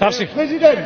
Herr Präsident!